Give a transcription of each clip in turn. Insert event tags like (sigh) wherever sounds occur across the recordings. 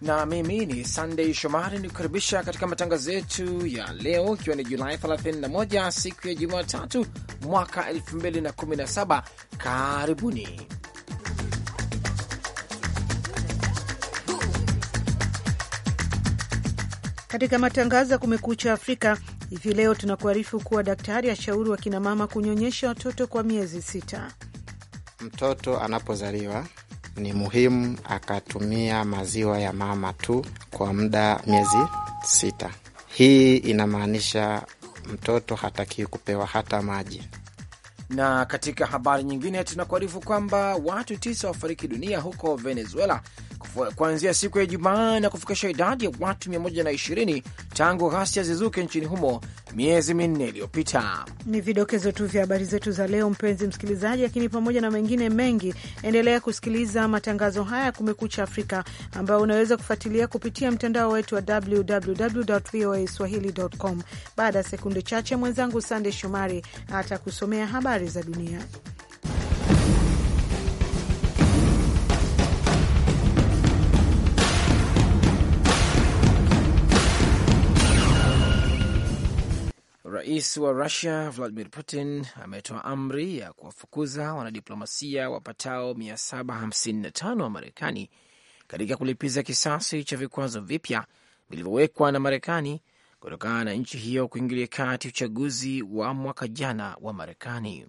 na mimi ni Sunday Shomari ni kukaribisha katika matangazo yetu ya leo, ikiwa ni Julai 31 siku ya Jumatatu mwaka 2017. Karibuni katika matangazo ya Kumekucha Afrika. Hivi leo tunakuarifu kuwa daktari ashauri kinamama kunyonyesha watoto kwa miezi sita. Mtoto anapozaliwa ni muhimu akatumia maziwa ya mama tu kwa muda miezi sita. Hii inamaanisha mtoto hatakiwi kupewa hata maji. Na katika habari nyingine, tunakuarifu kwamba watu tisa wafariki dunia huko Venezuela kuanzia siku ya Ijumaa na kufikisha idadi ya watu 120 tangu ghasia zizuke nchini humo miezi minne iliyopita. Ni vidokezo tu vya habari zetu za leo, mpenzi msikilizaji, lakini pamoja na mengine mengi, endelea kusikiliza matangazo haya ya Kumekucha Afrika ambayo unaweza kufuatilia kupitia mtandao wetu wa www voa swahili.com. Baada ya sekunde chache, mwenzangu Sande Shomari atakusomea habari za dunia. Rais wa Russia Vladimir Putin ametoa amri ya kuwafukuza wanadiplomasia wapatao 755 wa Marekani katika kulipiza kisasi cha vikwazo vipya vilivyowekwa na Marekani kutokana na nchi hiyo kuingilia kati uchaguzi wa mwaka jana wa Marekani.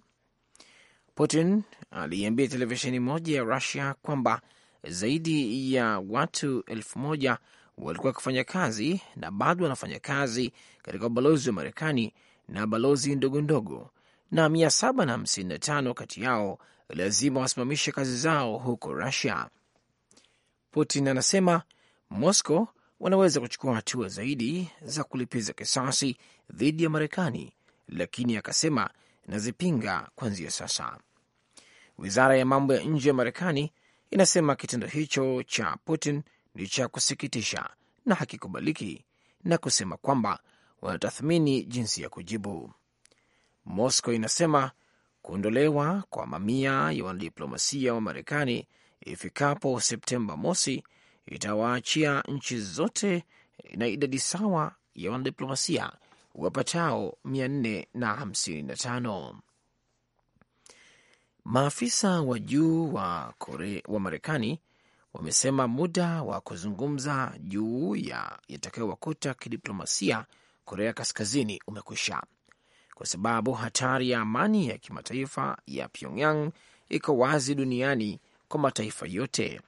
Putin aliiambia televisheni moja ya Rusia kwamba zaidi ya watu elfu moja walikuwa wakifanya kazi na bado wanafanya kazi katika ubalozi wa Marekani na balozi ndogo ndogo, na 755 kati yao lazima wasimamishe kazi zao huko Rusia. Putin anasema Moscow wanaweza kuchukua hatua zaidi za kulipiza kisasi dhidi ya Marekani, lakini akasema nazipinga kuanzia sasa. Wizara ya mambo ya nje ya Marekani inasema kitendo hicho cha Putin licha ya kusikitisha na hakikubaliki, na kusema kwamba wanatathmini jinsi ya kujibu. Moscow inasema kuondolewa kwa mamia ya wanadiplomasia wa Marekani ifikapo Septemba mosi itawaachia nchi zote na idadi sawa ya wanadiplomasia wapatao 455. Maafisa wa juu wa, wa Marekani wamesema muda wa kuzungumza juu ya yatakayowakuta kidiplomasia Korea Kaskazini umekwisha kwa sababu hatari ya amani ya kimataifa ya Pyongyang iko wazi duniani kwa mataifa yote.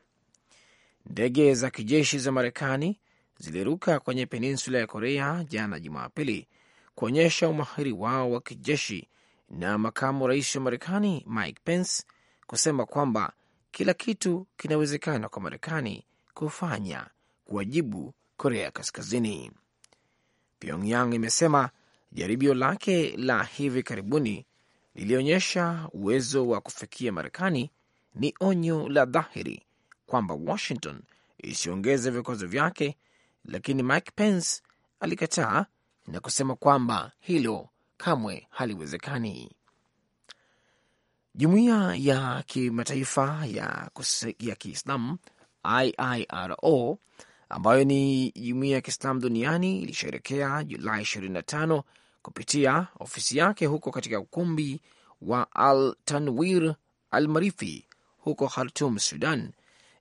Ndege za kijeshi za Marekani ziliruka kwenye peninsula ya Korea jana Jumapili kuonyesha umahiri wao wa kijeshi, na makamu rais wa Marekani Mike Pence kusema kwamba kila kitu kinawezekana kwa Marekani kufanya kuwajibu Korea Kaskazini. Pyongyang imesema jaribio lake la hivi karibuni lilionyesha uwezo wa kufikia Marekani ni onyo la dhahiri kwamba Washington isiongeze vikwazo vyake, lakini Mike Pence alikataa na kusema kwamba hilo kamwe haliwezekani. Jumuiya ya kimataifa ya, ya Kiislamu IIRO ambayo ni jumuiya ya Kiislamu duniani ilisherekea Julai 25 kupitia ofisi yake huko katika ukumbi wa Al Tanwir Al Marifi huko Khartum, Sudan,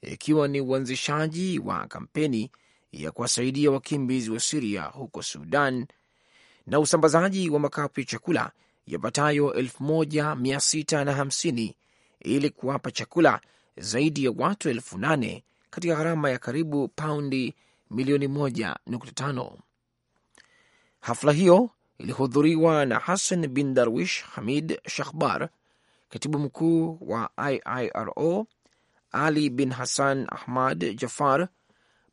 ikiwa ni uanzishaji wa kampeni ya kuwasaidia wakimbizi wa Siria huko Sudan na usambazaji wa makapu ya chakula yapatayo 1650 ili kuwapa chakula zaidi ya watu elfu nane katika gharama ya karibu paundi milioni 1.5. Hafla hiyo ilihudhuriwa na Hassan bin Darwish Hamid Shahbar, katibu mkuu wa IIRO, Ali bin Hassan Ahmad Jafar,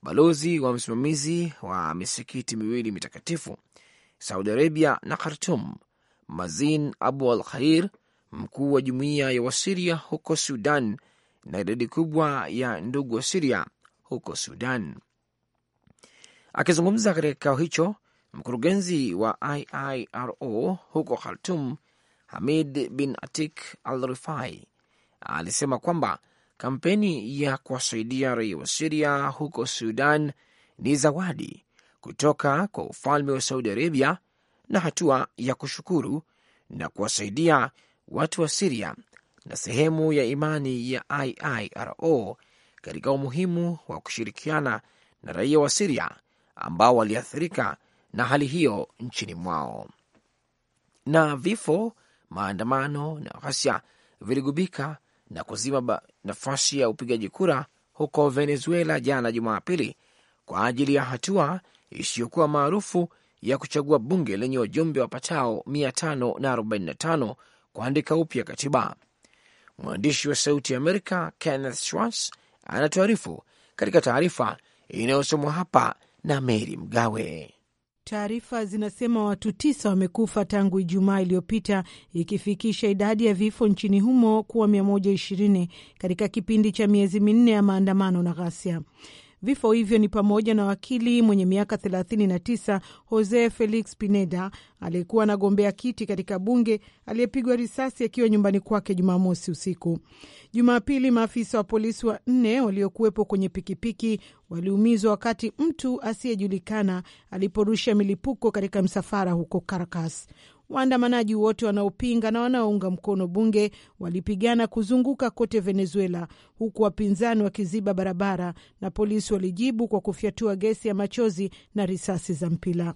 balozi wa msimamizi wa misikiti miwili mitakatifu Saudi Arabia na Khartum, Mazin Abu al Khair, mkuu wa jumuiya ya Wasiria huko Sudan na idadi kubwa ya ndugu wa Siria huko Sudan. Akizungumza katika kikao hicho, mkurugenzi wa IIRO huko Khartum, Hamid bin Atik al Rifai, alisema kwamba kampeni ya kuwasaidia raia wa Siria huko Sudan ni zawadi kutoka kwa ufalme wa Saudi Arabia na hatua ya kushukuru na kuwasaidia watu wa Siria na sehemu ya imani ya IIRO katika umuhimu wa kushirikiana na raia wa Siria ambao waliathirika na hali hiyo nchini mwao. Na vifo, maandamano na ghasia viligubika na kuzima nafasi ya upigaji kura huko Venezuela jana Jumapili kwa ajili ya hatua isiyokuwa maarufu ya kuchagua bunge lenye wajumbe wapatao 545 kuandika upya katiba. Mwandishi wa Sauti ya Amerika Kenneth Schwartz anatuarifu katika taarifa inayosomwa hapa na Meri Mgawe. Taarifa zinasema watu tisa wamekufa tangu Ijumaa iliyopita ikifikisha idadi ya vifo nchini humo kuwa 120 katika kipindi cha miezi minne ya maandamano na ghasia. Vifo hivyo ni pamoja na wakili mwenye miaka 39 Jose Felix Pineda aliyekuwa anagombea kiti katika bunge aliyepigwa risasi akiwa nyumbani kwake Jumamosi usiku. Jumapili, maafisa wa polisi wa nne waliokuwepo kwenye pikipiki waliumizwa wakati mtu asiyejulikana aliporusha milipuko katika msafara huko Caracas. Waandamanaji wote wanaopinga na wanaounga mkono bunge walipigana kuzunguka kote Venezuela, huku wapinzani wakiziba barabara na polisi walijibu kwa kufyatua gesi ya machozi na risasi za mpira.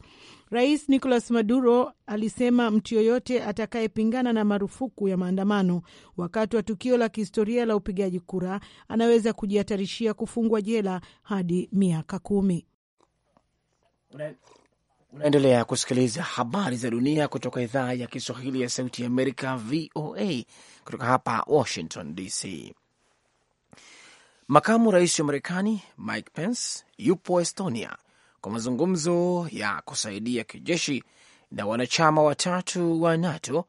Rais Nicolas Maduro alisema mtu yoyote atakayepingana na marufuku ya maandamano wakati wa tukio la kihistoria la upigaji kura anaweza kujihatarishia kufungwa jela hadi miaka kumi. Unaendelea kusikiliza habari za dunia kutoka idhaa ya Kiswahili ya Sauti ya Amerika, VOA, kutoka hapa Washington DC. Makamu rais wa Marekani Mike Pence yupo Estonia kwa mazungumzo ya kusaidia kijeshi na wanachama watatu wa NATO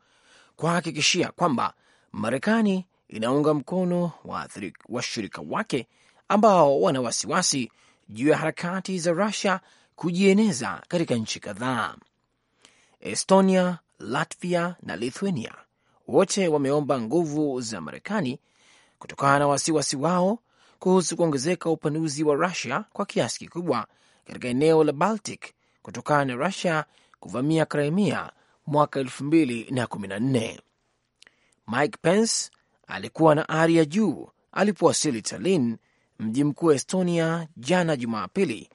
kuhakikishia kwamba Marekani inaunga mkono washirika wa wake ambao wana wasiwasi juu ya harakati za Rusia kujieneza katika nchi kadhaa. Estonia, Latvia na Lithuania wote wameomba nguvu za Marekani kutokana na wasiwasi wao kuhusu kuongezeka upanuzi wa Rusia kwa kiasi kikubwa katika eneo la Baltic kutokana na Rusia kuvamia Crimea mwaka elfu na kumi Mike Pence alikuwa na ari ya juu alipowasili Tallinn, mji mkuu wa Estonia, jana Jumapili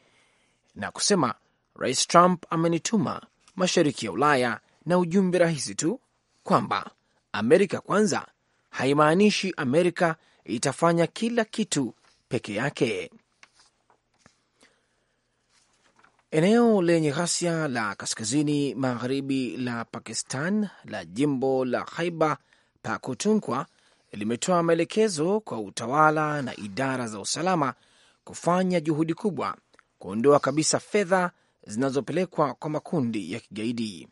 na kusema Rais Trump amenituma mashariki ya Ulaya na ujumbe rahisi tu kwamba Amerika kwanza haimaanishi Amerika itafanya kila kitu peke yake. Eneo lenye ghasia la kaskazini magharibi la Pakistan la jimbo la Khaiba Pakhtunkhwa limetoa maelekezo kwa utawala na idara za usalama kufanya juhudi kubwa kuondoa kabisa fedha zinazopelekwa kwa makundi ya kigaidi.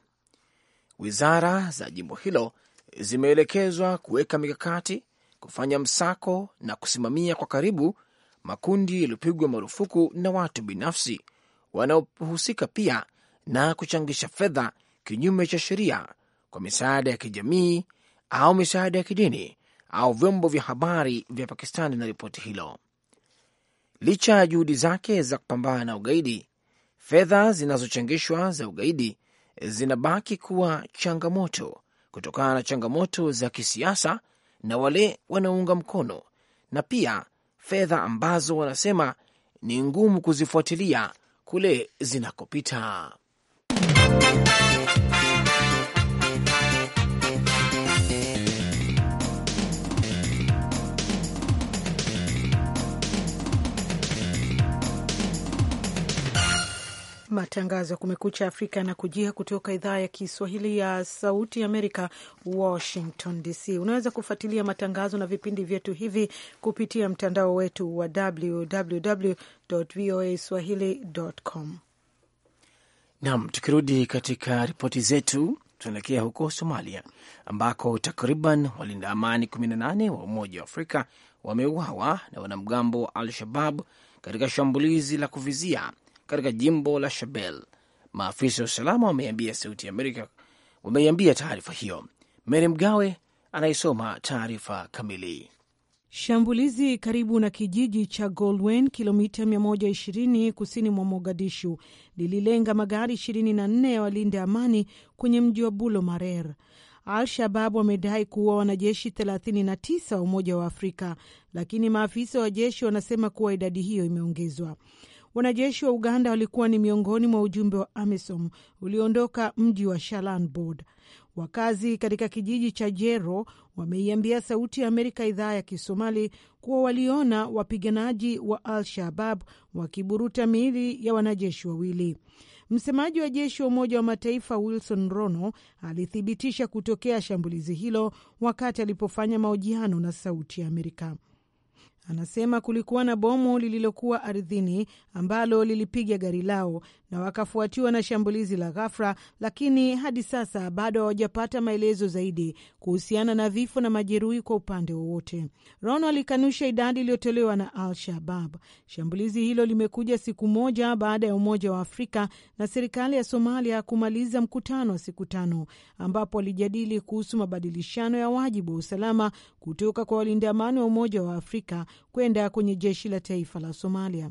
Wizara za jimbo hilo zimeelekezwa kuweka mikakati, kufanya msako na kusimamia kwa karibu makundi yaliyopigwa marufuku na watu binafsi wanaohusika pia na kuchangisha fedha kinyume cha sheria kwa misaada ya kijamii au misaada ya kidini au vyombo vya habari vya Pakistani na ripoti hilo licha ya juhudi zake za kupambana na ugaidi, fedha zinazochangishwa za ugaidi zinabaki kuwa changamoto kutokana na changamoto za kisiasa na wale wanaounga mkono, na pia fedha ambazo wanasema ni ngumu kuzifuatilia kule zinakopita. Matangazo ya Kumekucha Afrika yanakujia kutoka idhaa ya Kiswahili ya Sauti Amerika, Washington DC. Unaweza kufuatilia matangazo na vipindi vyetu hivi kupitia mtandao wetu wa www voa swahili.com. Nam, tukirudi katika ripoti zetu, tunaelekea huko Somalia ambako takriban walinda amani 18 wa Umoja wa Afrika wameuawa na wanamgambo wa Al-Shabab katika shambulizi la kuvizia katika jimbo la Shabelle. Maafisa wa usalama wameambia Sauti ya Amerika, wameiambia taarifa hiyo. mary Mgawe anayesoma taarifa kamili. Shambulizi karibu na kijiji cha goldwen kilomita 120 kusini mwa Mogadishu, lililenga magari 24 ya walinda amani kwenye mji wa Bulo Marer. Al-Shabab wamedai kuua wanajeshi 39 wa Umoja wa Afrika, lakini maafisa wa jeshi wanasema kuwa idadi hiyo imeongezwa. Wanajeshi wa Uganda walikuwa ni miongoni mwa ujumbe wa AMISOM ulioondoka mji wa Shalanbod. Wakazi katika kijiji cha Jero wameiambia Sauti ya Amerika idhaa ya Kisomali kuwa waliona wapiganaji wa Al Shabab wakiburuta miili ya wanajeshi wawili. Msemaji wa jeshi wa Umoja wa Mataifa Wilson Rono alithibitisha kutokea shambulizi hilo wakati alipofanya mahojiano na Sauti ya Amerika. Anasema kulikuwa na bomu lililokuwa ardhini ambalo lilipiga gari lao na wakafuatiwa na shambulizi la ghafla, lakini hadi sasa bado hawajapata maelezo zaidi kuhusiana na vifo na majeruhi kwa upande wowote. Rono alikanusha idadi iliyotolewa na Al Shabab. Shambulizi hilo limekuja siku moja baada ya Umoja wa Afrika na serikali ya Somalia kumaliza mkutano wa siku tano ambapo walijadili kuhusu mabadilishano ya wajibu wa usalama kutoka kwa walinda amani wa Umoja wa Afrika kwenda kwenye jeshi la taifa la Somalia.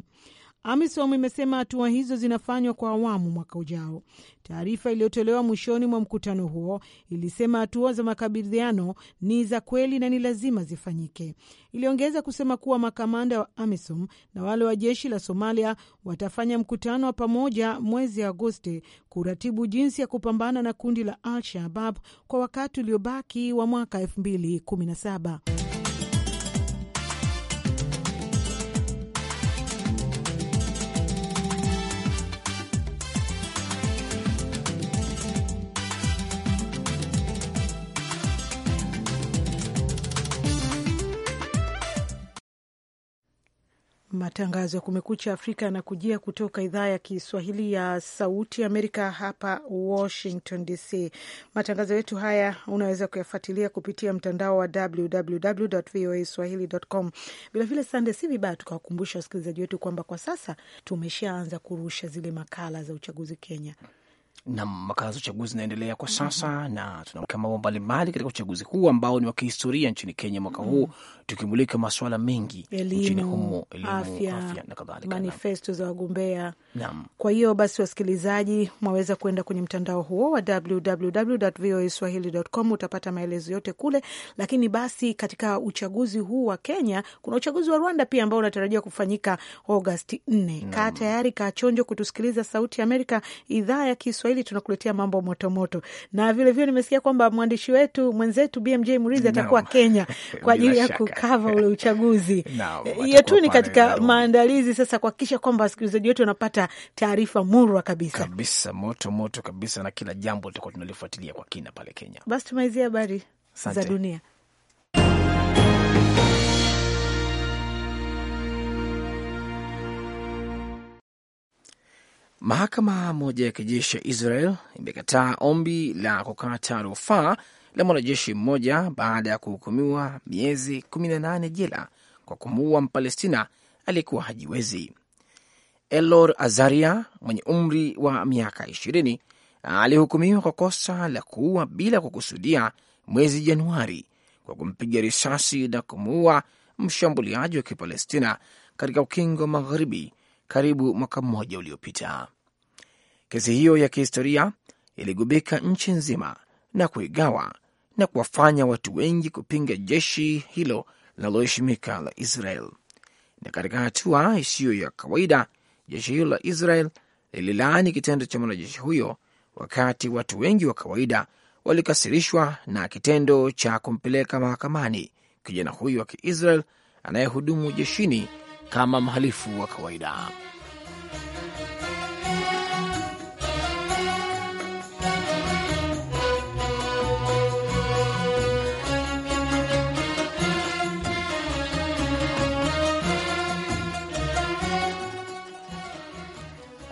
AMISOM imesema hatua hizo zinafanywa kwa awamu mwaka ujao. Taarifa iliyotolewa mwishoni mwa mkutano huo ilisema hatua za makabidhiano ni za kweli na ni lazima zifanyike. Iliongeza kusema kuwa makamanda wa AMISOM na wale wa jeshi la Somalia watafanya mkutano wa pamoja mwezi Agosti kuratibu jinsi ya kupambana na kundi la Al Shabab kwa wakati uliobaki wa mwaka 2017. Matangazo ya Kumekucha Afrika yanakujia kutoka idhaa ya Kiswahili ya Sauti Amerika hapa Washington DC. Matangazo yetu haya unaweza kuyafuatilia kupitia mtandao wa www voa swahili.com. Vilevile sande, si vibaya tukawakumbusha wasikilizaji wetu kwamba kwa sasa tumeshaanza kurusha zile makala za uchaguzi Kenya na makazi uchaguzi inaendelea kwa sasa mm -hmm. na tunamulika mambo mbalimbali katika uchaguzi huu ambao ni wa kihistoria nchini Kenya mwaka mm -hmm. huu, tukimulika masuala mengi nchini humo, elimu, afya, na kadhalika, manifesto za wagombea. Naam, kwa hiyo basi, wasikilizaji, mwaweza kuenda kwenye mtandao huo wa www.voaswahili.com, utapata maelezo yote kule. Lakini basi katika uchaguzi huu wa Kenya kuna uchaguzi wa Rwanda pia ambao unatarajiwa kufanyika Agosti 4. Kaa tayari, kaa chonjo kutusikiliza Sauti ya Amerika idhaa ya Kiswahili Kiswahili tunakuletea mambo motomoto -moto. na vilevile nimesikia kwamba mwandishi wetu mwenzetu BMJ Murithi atakuwa no. Kenya (laughs) kwa ajili ya kukava ule uchaguzi (laughs) no, eh, tu ni katika maandalizi sasa kuhakikisha kwamba wasikilizaji wetu wanapata taarifa murwa kabisa kabisa moto moto kabisa, na kila jambo litakuwa tunalifuatilia kwa kina pale Kenya. Basi tumalizia habari za dunia. Mahakama moja ya kijeshi ya Israel imekataa ombi la kukata rufaa la mwanajeshi mmoja baada ya kuhukumiwa miezi 18 jela kwa kumuua Mpalestina aliyekuwa hajiwezi. Elor Azaria mwenye umri wa miaka 20 alihukumiwa kwa kosa la kuua bila kukusudia mwezi Januari kwa kumpiga risasi na kumuua mshambuliaji wa Kipalestina katika ukingo magharibi karibu mwaka mmoja uliopita. Kesi hiyo ya kihistoria iligubika nchi nzima na kuigawa na kuwafanya watu wengi kupinga jeshi hilo linaloheshimika la Israel. Na katika hatua isiyo ya kawaida, jeshi hilo la Israel lililaani kitendo cha mwanajeshi huyo, wakati watu wengi wa kawaida walikasirishwa na kitendo cha kumpeleka mahakamani kijana huyo wa Kiisrael anayehudumu jeshini kama mhalifu wa kawaida.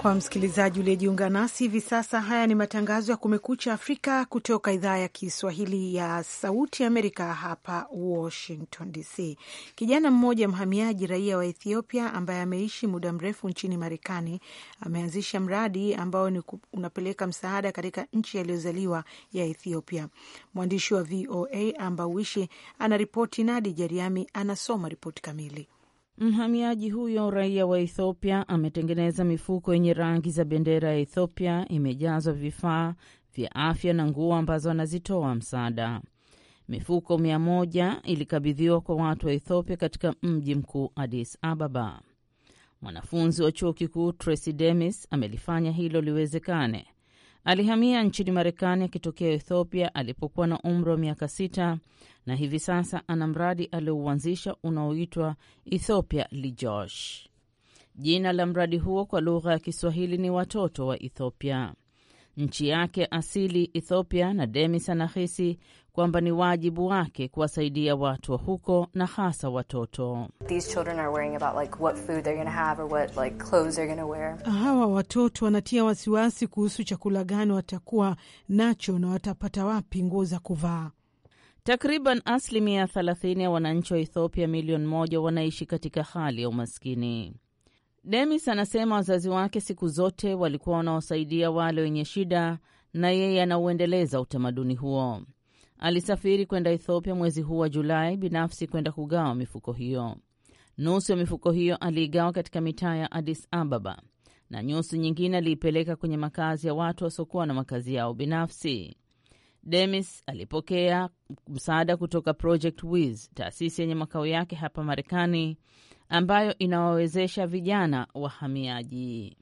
Kwa msikilizaji uliyejiunga nasi hivi sasa, haya ni matangazo ya Kumekucha Afrika kutoka idhaa ya Kiswahili ya Sauti Amerika, hapa Washington DC. Kijana mmoja mhamiaji, raia wa Ethiopia ambaye ameishi muda mrefu nchini Marekani, ameanzisha mradi ambao ni unapeleka msaada katika nchi yaliyozaliwa ya Ethiopia. Mwandishi wa VOA Amba Wishi anaripoti, Nadi Jeriami anasoma ripoti kamili. Mhamiaji huyo raia wa Ethiopia ametengeneza mifuko yenye rangi za bendera ya Ethiopia, imejazwa vifaa vya afya na nguo ambazo anazitoa msaada. Mifuko mia moja ilikabidhiwa kwa watu wa Ethiopia katika mji mkuu Addis Ababa. Mwanafunzi wa chuo kikuu Tracy Demis amelifanya hilo liwezekane Alihamia nchini Marekani akitokea Ethiopia alipokuwa na umri wa miaka sita na hivi sasa ana mradi aliouanzisha unaoitwa Ethiopia Lijosh. Jina la mradi huo kwa lugha ya Kiswahili ni watoto wa Ethiopia. Nchi yake asili Ethiopia na Demis anahisi kwamba ni wajibu wake kuwasaidia watu wa huko na hasa watoto hawa. Watoto wanatia wasiwasi kuhusu chakula gani watakuwa nacho na watapata wapi nguo za kuvaa. Takriban asilimia 30 ya wananchi wa Ethiopia milioni moja wanaishi katika hali ya umaskini. Demis anasema wazazi wake siku zote walikuwa wanawasaidia wale wenye shida, na yeye anauendeleza utamaduni huo alisafiri kwenda Ethiopia mwezi huu wa Julai binafsi kwenda kugawa mifuko hiyo. Nusu ya mifuko hiyo aliigawa katika mitaa ya Addis Ababa na nyusu nyingine aliipeleka kwenye makazi ya watu wasiokuwa na makazi yao binafsi. Demis alipokea msaada kutoka Project Wiz, taasisi yenye makao yake hapa Marekani, ambayo inawawezesha vijana wahamiaji.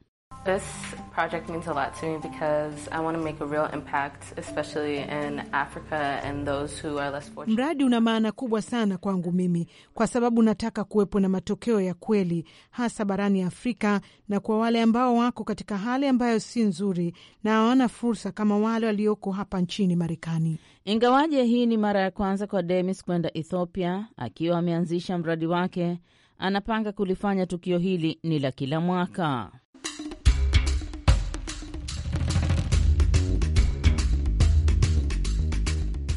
This project means a lot to me because I want to make a real impact, especially in Africa and those who are less fortunate. Mradi una maana kubwa sana kwangu mimi kwa sababu nataka kuwepo na matokeo ya kweli hasa barani Afrika na kwa wale ambao wako katika hali ambayo si nzuri na hawana fursa kama wale walioko hapa nchini Marekani. Ingawaje hii ni mara ya kwanza kwa Demis kwenda Ethiopia akiwa ameanzisha mradi wake, anapanga kulifanya tukio hili ni la kila mwaka.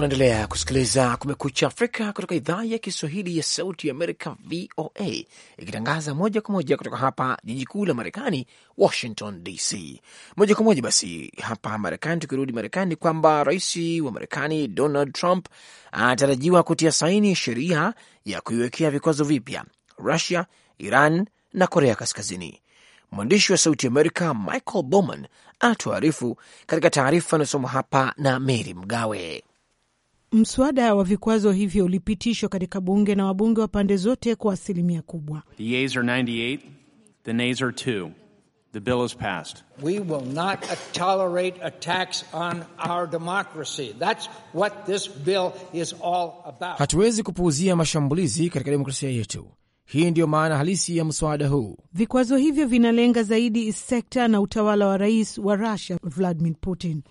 Unaendelea kusikiliza Kumekucha Afrika kutoka idhaa ya Kiswahili ya Sauti ya Amerika, VOA, ikitangaza moja kwa moja kutoka hapa jiji kuu la Marekani, Washington DC. Moja kwa moja basi hapa Marekani, tukirudi Marekani, kwamba rais wa Marekani Donald Trump anatarajiwa kutia saini sheria ya kuiwekea vikwazo vipya Rusia, Iran na Korea Kaskazini. Mwandishi wa Sauti Amerika Michael Bowman anatuarifu katika taarifa inayosoma hapa na Mary Mgawe. Mswada wa vikwazo hivyo ulipitishwa katika bunge na wabunge wa pande zote kwa asilimia kubwa. The yeas are 98, the nays are 2. The bill is passed. We will not tolerate attacks on our democracy. That's what this bill is all about. Hatuwezi kupuuzia mashambulizi katika demokrasia yetu. Hii ndiyo maana halisi ya mswada huu. Vikwazo hivyo vinalenga zaidi sekta na utawala wa rais wa Russia Vladimir Putin.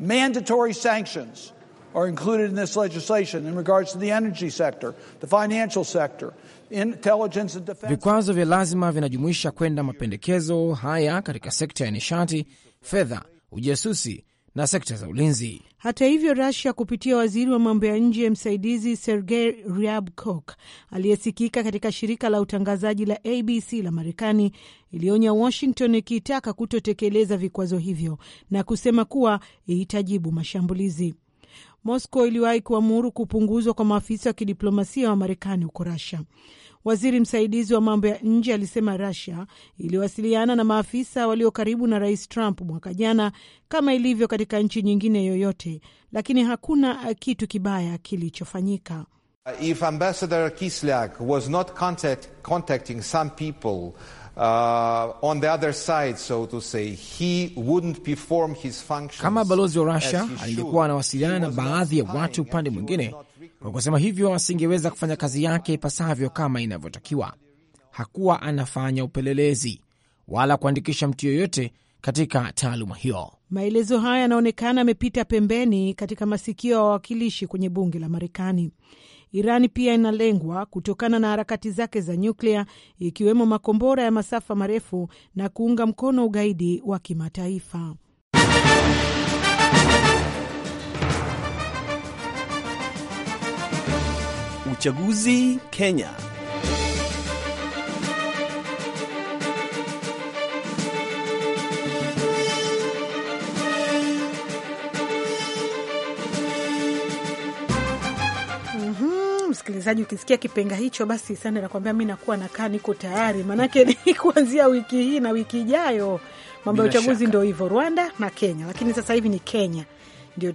Mandatory sanctions are included in this legislation in regards to the energy sector, the financial sector, intelligence and defense. Vikwazo vya lazima vinajumuisha kwenda mapendekezo haya katika sekta ya nishati, fedha, ujasusi na sekta za ulinzi. Hata hivyo, rusia kupitia waziri wa mambo ya nje msaidizi Sergei Ryabkov aliyesikika katika shirika la utangazaji la ABC la Marekani ilionya Washington ikitaka kutotekeleza vikwazo hivyo na kusema kuwa itajibu mashambulizi. Moscow iliwahi kuamuru kupunguzwa kwa maafisa wa kidiplomasia wa Marekani huko rasia Waziri msaidizi wa mambo ya nje alisema rasia iliwasiliana na maafisa walio karibu na Rais Trump mwaka jana, kama ilivyo katika nchi nyingine yoyote, lakini hakuna kitu kibaya kilichofanyika. If Ambassador Kislyak was not contact, contacting some people Uh, on the other side, so to say, he wouldn't perform his functions. Kama balozi wa Russia alingekuwa anawasiliana na baadhi ya watu upande mwingine, kwa kusema hivyo asingeweza kufanya kazi yake ipasavyo kama inavyotakiwa. Hakuwa anafanya upelelezi wala kuandikisha mtu yoyote katika taaluma hiyo. Maelezo haya yanaonekana yamepita pembeni katika masikio ya wawakilishi kwenye bunge la Marekani. Irani pia inalengwa kutokana na harakati zake za nyuklia, ikiwemo makombora ya masafa marefu na kuunga mkono ugaidi wa kimataifa. Uchaguzi Kenya. msikilizaji, ukisikia kipenga hicho, basi sana nakwambia mi nakuwa nakaa niko tayari, maanake ni (laughs) kuanzia wiki hii na wiki ijayo. Mambo ya uchaguzi ndo hivyo, Rwanda na Kenya, lakini sasa hivi ni Kenya ndio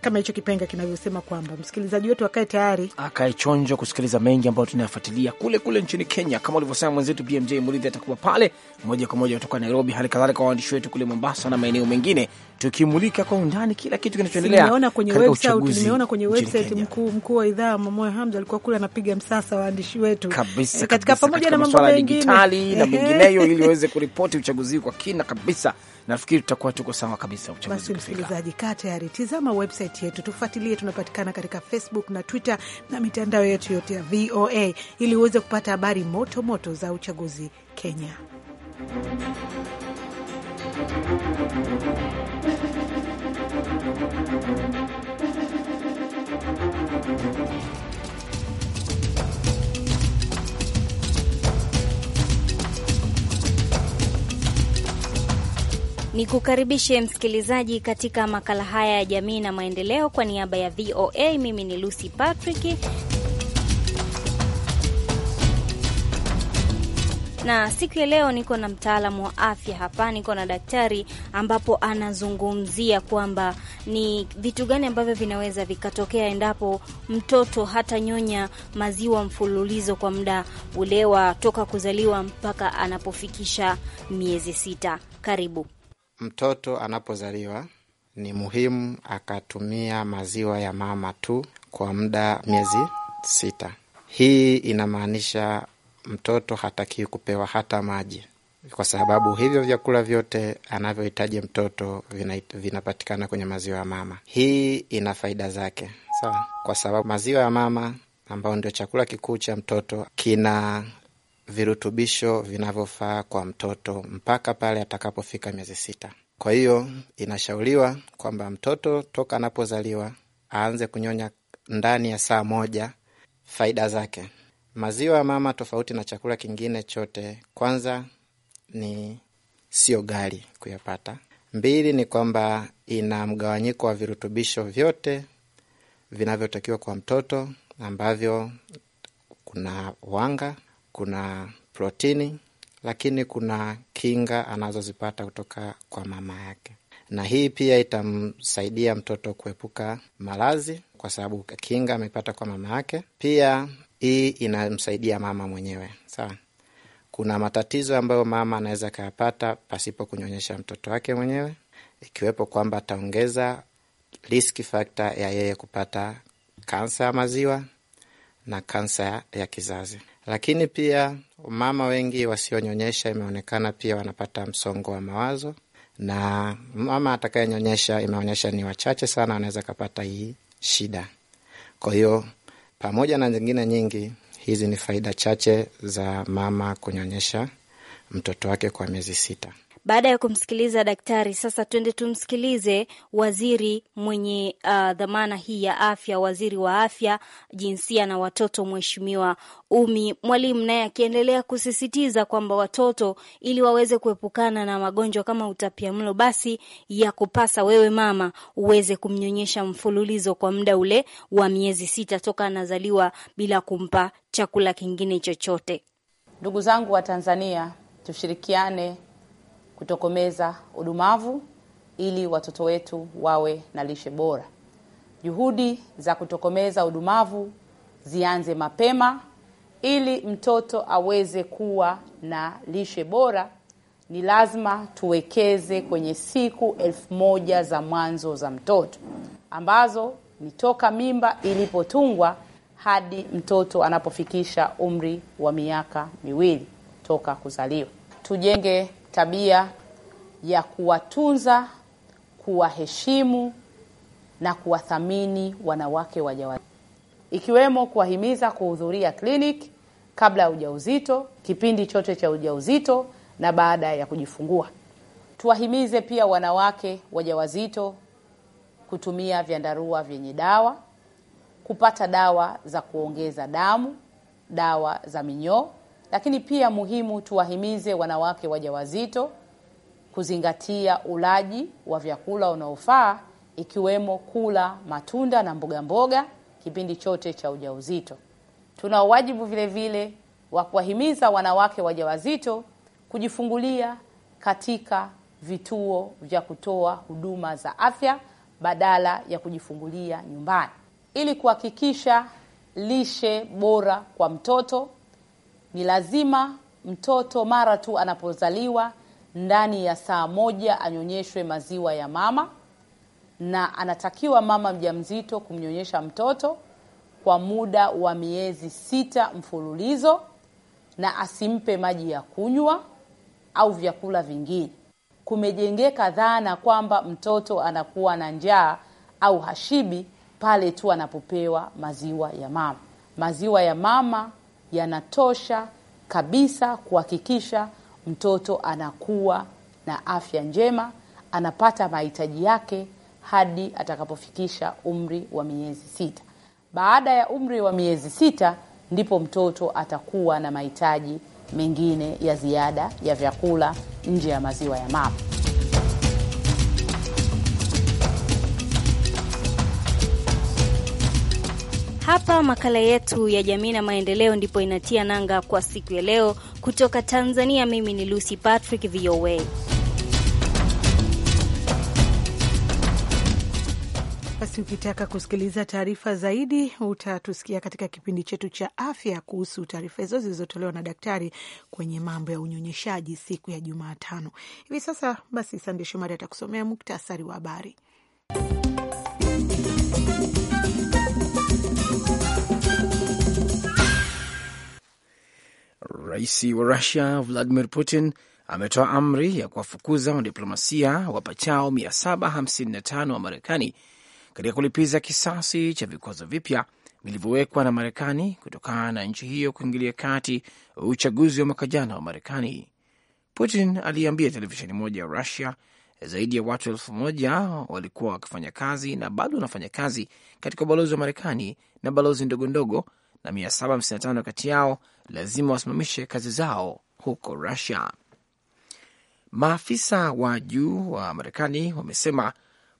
kama hicho kipenga kinavyosema kwamba msikilizaji wetu akae tayari, akae chonjo kusikiliza mengi ambayo tunayafuatilia kule kule nchini Kenya. Kama ulivyosema mwenzetu BMJ Muridhi atakuwa pale moja kwa moja kutoka Nairobi, hali kadhalika waandishi wetu kule Mombasa na maeneo mengine, tukimulika kwa undani kila kitu kinachoendelea. Nimeona kwenye website, nimeona kwenye website mkuu mkuu wa idhaa Mamoyo Hamza alikuwa kule anapiga msasa waandishi wetu kabisa, e, katika pamoja na mambo mengine na mengineyo, ili waweze kuripoti uchaguzi kwa kina kabisa nafikiri tutakuwa tuko sawa kabisa. Basi msikilizaji, kaa tayari, tizama website yetu, tufuatilie. Tunapatikana katika Facebook na Twitter na mitandao yetu yote ya VOA ili uweze kupata habari moto moto za uchaguzi Kenya. Ni kukaribishe msikilizaji katika makala haya ya jamii na maendeleo. Kwa niaba ya VOA, mimi ni Lucy Patrick, na siku ya leo niko na mtaalamu wa afya hapa, niko na daktari ambapo anazungumzia kwamba ni vitu gani ambavyo vinaweza vikatokea endapo mtoto hata nyonya maziwa mfululizo kwa muda ule wa toka kuzaliwa mpaka anapofikisha miezi sita. Karibu mtoto anapozaliwa ni muhimu akatumia maziwa ya mama tu kwa muda miezi sita. Hii inamaanisha mtoto hatakiwi kupewa hata maji, kwa sababu hivyo vyakula vyote anavyohitaji mtoto vinapatikana kwenye maziwa ya mama. Hii ina faida zake, sawa, kwa sababu maziwa ya mama ambayo ndio chakula kikuu cha mtoto kina virutubisho vinavyofaa kwa mtoto mpaka pale atakapofika miezi sita. Kwa hiyo inashauriwa kwamba mtoto toka anapozaliwa aanze kunyonya ndani ya saa moja. Faida zake, maziwa ya mama tofauti na chakula kingine chote, kwanza ni sio ghali kuyapata. Mbili ni kwamba ina mgawanyiko wa virutubisho vyote vinavyotakiwa kwa mtoto ambavyo kuna wanga kuna protini, lakini kuna kinga anazozipata kutoka kwa mama yake, na hii pia itamsaidia mtoto kuepuka maradhi kwa sababu kinga amepata kwa mama yake. Pia hii inamsaidia mama mwenyewe. Sawa, kuna matatizo ambayo mama anaweza akayapata pasipo kunyonyesha mtoto wake mwenyewe, ikiwepo kwamba ataongeza risk factor ya yeye kupata kansa ya maziwa na kansa ya kizazi. Lakini pia mama wengi wasionyonyesha imeonekana pia wanapata msongo wa mawazo, na mama atakayenyonyesha imeonyesha ni wachache sana wanaweza kapata hii shida. Kwa hiyo pamoja na zingine nyingi, hizi ni faida chache za mama kunyonyesha mtoto wake kwa miezi sita. Baada ya kumsikiliza daktari, sasa tuende tumsikilize waziri mwenye uh, dhamana hii ya afya, waziri wa afya, jinsia na watoto, Mheshimiwa Umi Mwalimu, naye akiendelea kusisitiza kwamba watoto ili waweze kuepukana na magonjwa kama utapiamlo, basi ya kupasa wewe mama uweze kumnyonyesha mfululizo kwa muda ule wa miezi sita toka anazaliwa bila kumpa chakula kingine chochote. Ndugu zangu wa Tanzania tushirikiane kutokomeza udumavu ili watoto wetu wawe na lishe bora. Juhudi za kutokomeza udumavu zianze mapema ili mtoto aweze kuwa na lishe bora. Ni lazima tuwekeze kwenye siku elfu moja za mwanzo za mtoto ambazo ni toka mimba ilipotungwa hadi mtoto anapofikisha umri wa miaka miwili toka kuzaliwa. Tujenge tabia ya kuwatunza, kuwaheshimu na kuwathamini wanawake wajawazito, ikiwemo kuwahimiza kuhudhuria klinik kabla ya ujauzito, kipindi chote cha ujauzito na baada ya kujifungua. Tuwahimize pia wanawake wajawazito kutumia vyandarua vyenye dawa, kupata dawa za kuongeza damu, dawa za minyoo lakini pia muhimu, tuwahimize wanawake wajawazito kuzingatia ulaji wa vyakula unaofaa ikiwemo kula matunda na mboga mboga kipindi chote cha ujauzito. Tuna wajibu vile vile wa kuwahimiza wanawake wajawazito kujifungulia katika vituo vya kutoa huduma za afya badala ya kujifungulia nyumbani ili kuhakikisha lishe bora kwa mtoto ni lazima mtoto mara tu anapozaliwa ndani ya saa moja anyonyeshwe maziwa ya mama, na anatakiwa mama mjamzito kumnyonyesha mtoto kwa muda wa miezi sita mfululizo, na asimpe maji ya kunywa au vyakula vingine. Kumejengeka dhana kwamba mtoto anakuwa na njaa au hashibi pale tu anapopewa maziwa ya mama. Maziwa ya mama yanatosha kabisa kuhakikisha mtoto anakuwa na afya njema, anapata mahitaji yake hadi atakapofikisha umri wa miezi sita. Baada ya umri wa miezi sita ndipo mtoto atakuwa na mahitaji mengine ya ziada ya vyakula nje ya maziwa ya mama. hapa makala yetu ya jamii na maendeleo ndipo inatia nanga kwa siku ya leo. Kutoka Tanzania, mimi ni Lucy Patrick, VOA. Basi ukitaka kusikiliza taarifa zaidi utatusikia katika kipindi chetu cha afya kuhusu taarifa hizo zilizotolewa na daktari kwenye mambo ya unyonyeshaji siku ya Jumatano. Hivi sasa basi, Sande Shomari atakusomea muktasari wa habari. Rais wa Rusia Vladimir Putin ametoa amri ya kuwafukuza wanadiplomasia wapatao 755 wa Marekani katika kulipiza kisasi cha vikwazo vipya vilivyowekwa na Marekani kutokana na nchi hiyo kuingilia kati uchaguzi wa mwaka jana wa Marekani. Putin aliambia televisheni moja ya Rusia zaidi ya watu elfu moja walikuwa wakifanya kazi na bado wanafanya kazi katika ubalozi wa Marekani na balozi ndogo ndogo, na 755 kati yao lazima wasimamishe kazi zao huko Rusia. Maafisa wa juu wa Marekani wamesema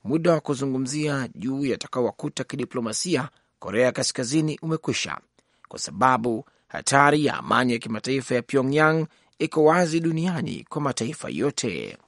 muda wa kuzungumzia juu yatakaowakuta kidiplomasia Korea Kaskazini umekwisha kwa sababu hatari ya amani ya kimataifa ya Pyongyang iko wazi duniani kwa mataifa yote.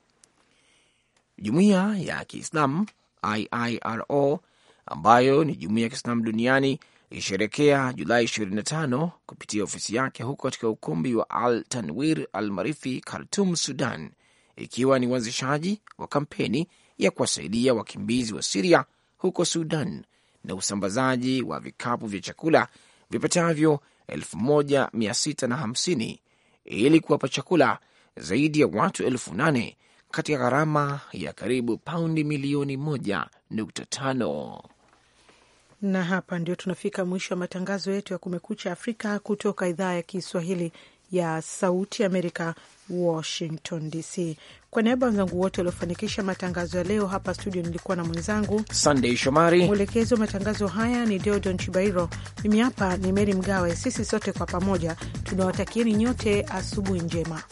Jumuiya ya Kiislamu IIRO ambayo ni jumuiya ya Kiislamu duniani ilisherekea Julai 25 kupitia ofisi yake huko katika ukumbi wa Al Tanwir Al Marifi, Khartum, Sudan, ikiwa ni uanzishaji wa kampeni ya kuwasaidia wakimbizi wa Siria huko Sudan na usambazaji wa vikapu vya chakula vipatavyo 1650 ili kuwapa chakula zaidi ya watu elfu nane katika gharama ya karibu paundi milioni 1.5. Na hapa ndio tunafika mwisho wa matangazo yetu ya Kumekucha Afrika kutoka idhaa ya Kiswahili ya Sauti Amerika, Washington DC. Kwa niaba ya wenzangu wote waliofanikisha matangazo ya leo, hapa studio nilikuwa na mwenzangu Sandey Shomari. Mwelekezi wa matangazo haya ni Deodon Chibairo. Mimi hapa ni Meri Mgawe. Sisi sote kwa pamoja tunawatakieni nyote asubuhi njema.